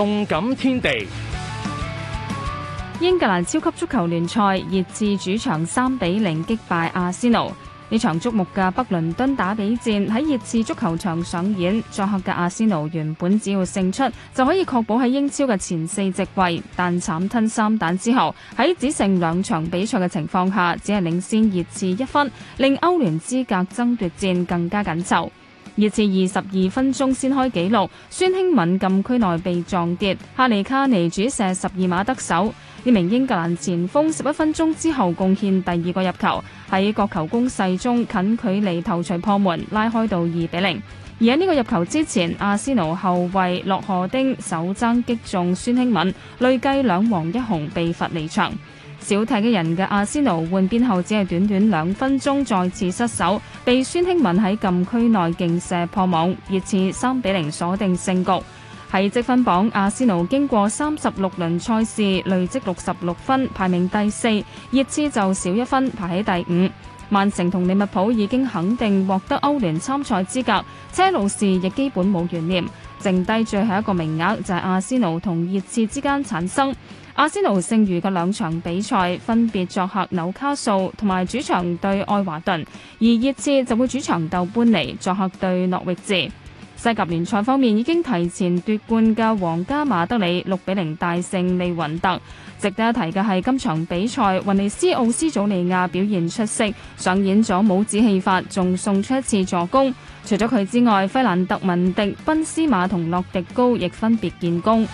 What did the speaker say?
動感天地，英格蘭超級足球聯賽，熱刺主場三比零擊敗阿仙奴。呢場矚目嘅北倫敦打比戰喺熱刺足球場上上演，作客嘅阿仙奴原本只要勝出就可以確保喺英超嘅前四席位，但慘吞三蛋之後，喺只剩兩場比賽嘅情況下，只係領先熱刺一分，令歐聯資格爭奪戰更加緊湊。熱刺二十二分鐘先開紀錄，孫興敏禁區內被撞跌，哈利卡尼主射十二碼得手。呢名英格蘭前鋒十一分鐘之後貢獻第二個入球，喺角球攻勢中近距離頭槌破門，拉開到二比零。而喺呢個入球之前，阿仙奴後衛洛何丁首爭擊中孫興敏，累計兩黃一紅被罰離場。少踢嘅人嘅阿仙奴換邊後，只係短短兩分鐘再次失守，被孫興慜喺禁區內勁射破網，熱刺三比零鎖定勝局。喺積分榜，阿仙奴經過三十六輪賽事，累積六十六分，排名第四；熱刺就少一分，排喺第五。曼城同利物浦已經肯定獲得歐聯參賽資格，車路士亦基本冇懸念，剩低最後一個名額就係阿仙奴同熱刺之間產生。阿仙奴剩餘嘅兩場比賽分別作客紐卡素同埋主場對愛華頓，而熱刺就會主場鬥搬尼，作客對諾域治。西甲聯賽方面，已經提前奪冠嘅皇家馬德里六比零大勝利雲特。值得一提嘅係，今場比賽，維尼斯奧斯祖尼亞表現出色，上演咗帽子戲法，仲送出一次助攻。除咗佢之外，菲蘭特文迪、賓斯馬同洛迪高亦分別建功。